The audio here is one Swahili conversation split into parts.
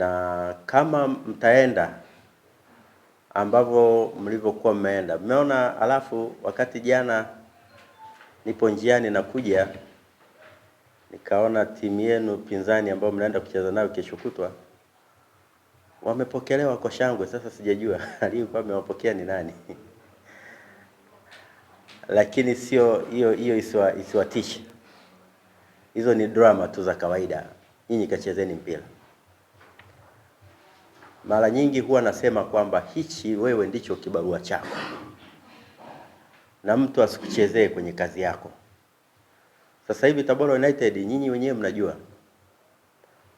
na kama mtaenda ambavyo mlivyokuwa mmeenda mmeona. Alafu wakati jana nipo njiani nakuja nikaona timu yenu pinzani ambayo mnaenda kucheza nayo kesho kutwa wamepokelewa kwa shangwe. Sasa sijajua aliyekuwa amewapokea ni nani, lakini sio hiyo hiyo, isiwatishe. Hizo ni drama tu za kawaida. Nyinyi kachezeni mpira mara nyingi huwa nasema kwamba hichi wewe ndicho kibarua chako, na mtu asikuchezee kwenye kazi yako. Sasa hivi Tabora United nyinyi wenyewe mnajua,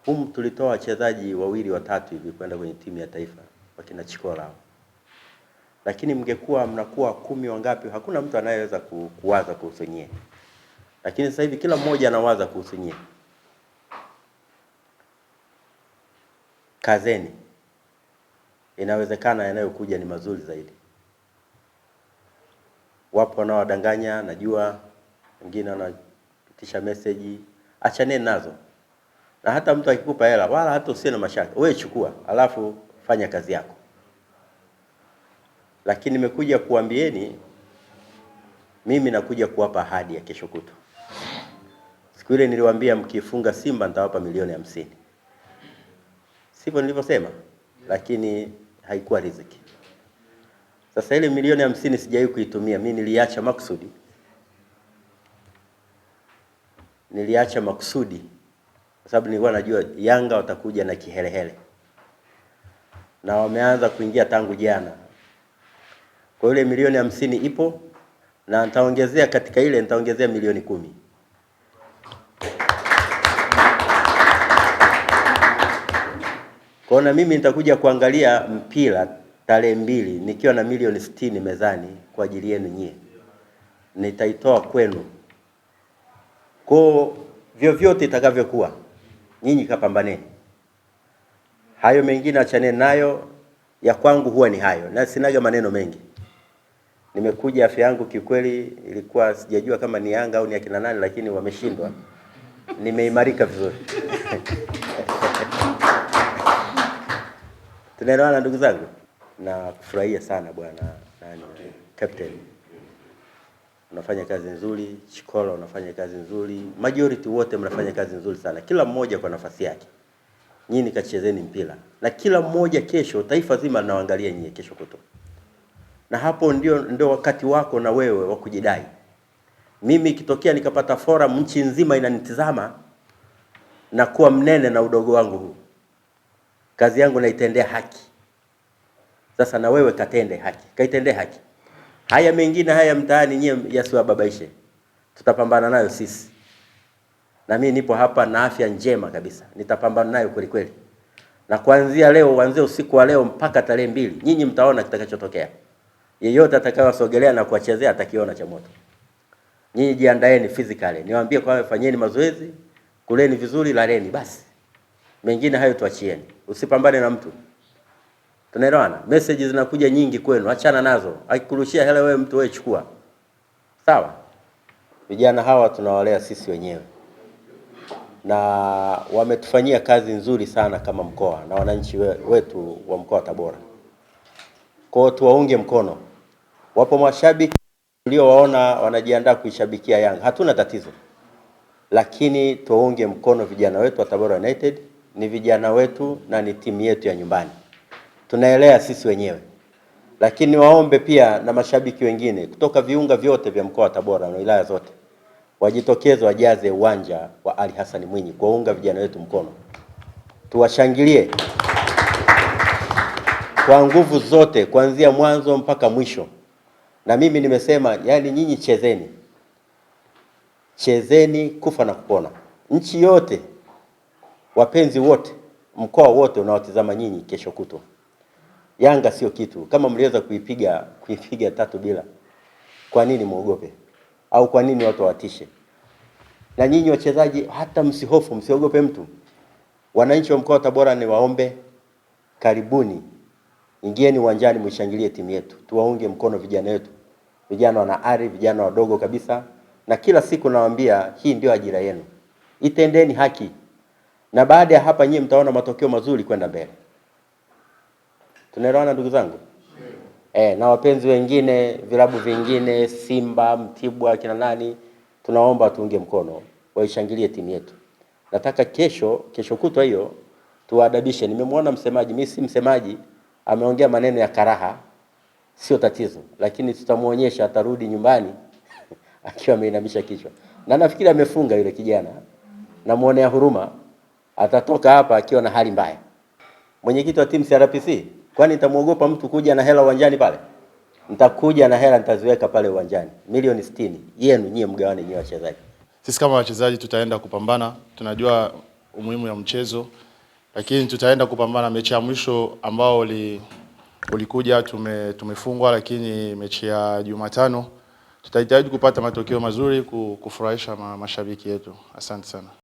humu tulitoa wachezaji wawili watatu hivi kwenda kwenye timu ya taifa, wakina Chikola, lakini mngekuwa mnakuwa kumi wangapi, hakuna mtu anayeweza ku, kuwaza kuhusu nyie, lakini sasa hivi kila mmoja anawaza kuhusu nyie. Kazeni inawezekana yanayokuja ni mazuri zaidi. Wapo wanaowadanganya, najua wengine wanatisha meseji, achaneni nazo. Na hata mtu akikupa hela, wala hata usiwe na mashaka, wewe chukua, alafu fanya kazi yako. Lakini nimekuja kuambieni, mimi nakuja kuwapa ahadi ya kesho kutwa. Siku ile niliwaambia, mkifunga Simba nitawapa milioni hamsini, sivyo nilivyosema? Lakini haikuwa riziki. Sasa ile milioni hamsini sijawahi kuitumia mimi, niliacha makusudi, niliacha makusudi kwa sababu nilikuwa najua Yanga watakuja na kihelehele na wameanza kuingia tangu jana. Kwa ile milioni hamsini ipo na nitaongezea katika ile nitaongezea milioni kumi. Kwa na mimi nitakuja kuangalia mpira tarehe mbili nikiwa na milioni sitini mezani kwa ajili yenu nyie, nitaitoa kwenu ko vyovyote itakavyokuwa, nyinyi kapambaneni. Hayo mengine achane nayo, ya kwangu huwa ni hayo, na sinaga maneno mengi. Nimekuja afya yangu kiukweli ilikuwa sijajua kama ni Yanga au ni akina nani, lakini wameshindwa, nimeimarika vizuri Tunaelewana ndugu zangu, na kufurahia sana bwana nani captain, unafanya kazi nzuri. Chikola, unafanya kazi nzuri, majority wote mnafanya kazi nzuri sana, kila mmoja kwa nafasi yake. Nyinyi kachezeni mpira na kila mmoja, kesho taifa zima linaangalia nyinyi, kesho kuto, na hapo ndio ndio wakati wako na wewe wa kujidai. Mimi ikitokea nikapata forum nchi nzima inanitizama na kuwa mnene na udogo wangu huu kazi yangu naitendea haki. Sasa na wewe katende haki, kaitendee haki. Haya mengine haya mtaani nyie yasiwababaishe, tutapambana nayo sisi, na mimi nipo hapa na afya njema kabisa, nitapambana nayo kweli kweli, na kuanzia leo, kuanzia usiku wa leo mpaka tarehe mbili, nyinyi mtaona kitakachotokea. Yeyote atakayewasogelea na kuwachezea atakiona cha moto. Nyinyi jiandaeni physically, niwaambie kwa fanyeni mazoezi, kuleni vizuri, laleni basi mengine hayo tuachieni, usipambane na mtu. Tunaelewana? Message zinakuja nyingi kwenu, achana nazo. Akikurushia hela wewe, mtu wewe chukua, sawa. Vijana hawa tunawalea sisi wenyewe na wametufanyia kazi nzuri sana kama mkoa na wananchi wetu wa mkoa wa Tabora. Kwao tuwaunge mkono. Wapo mashabiki tuliowaona wanajiandaa kuishabikia Yanga, hatuna tatizo, lakini tuwaunge mkono vijana wetu wa Tabora United ni vijana wetu na ni timu yetu ya nyumbani, tunaelea sisi wenyewe, lakini waombe pia na mashabiki wengine kutoka viunga vyote vya mkoa wa Tabora na wilaya zote wajitokeze wajaze uwanja wa Ali Hassan Mwinyi kuwaunga vijana wetu mkono, tuwashangilie kwa nguvu zote kuanzia mwanzo mpaka mwisho. Na mimi nimesema, yani nyinyi chezeni, chezeni kufa na kupona, nchi yote wapenzi wote, mkoa wote unaotazama nyinyi, kesho kutwa Yanga sio kitu. Kama mliweza kuipiga kuipiga tatu bila, kwa nini muogope? Au kwa nini watu watishe? Na nyinyi wachezaji, hata msihofu, msiogope mtu. Wananchi wa mkoa wa Tabora ni waombe, karibuni, ingieni uwanjani, mwishangilie timu yetu, tuwaunge mkono vijana wetu, vijana wana ari, vijana wadogo kabisa. Na kila siku nawaambia, hii ndio ajira yenu, itendeni haki na baada ya hapa nyie mtaona matokeo mazuri kwenda mbele. Tunaelewana ndugu zangu? E, na wapenzi wengine vilabu vingine Simba, Mtibwa, kina nani, tunaomba tuunge mkono, waishangilie timu yetu. Nataka kesho, kesho kutwa hiyo tuwaadabishe. Nimemwona msemaji, mimi si msemaji, ameongea maneno ya karaha, sio tatizo, lakini tutamuonyesha, atarudi nyumbani akiwa ameinamisha kichwa, na nafikiri amefunga yule kijana, namuonea huruma atatoka hapa akiwa na hali mbaya. Mwenyekiti wa timu CRPC, kwani nitamwogopa mtu kuja na hela uwanjani pale? Nitakuja na hela nitaziweka pale uwanjani, milioni sitini yenu nyie, mgawane nyie wachezaji. Sisi kama wachezaji tutaenda kupambana, tunajua umuhimu ya mchezo, lakini tutaenda kupambana. Mechi ya mwisho ambao li, ulikuja tume, tumefungwa, lakini mechi ya Jumatano tutajitahidi kupata matokeo mazuri kufurahisha mashabiki yetu. Asante sana.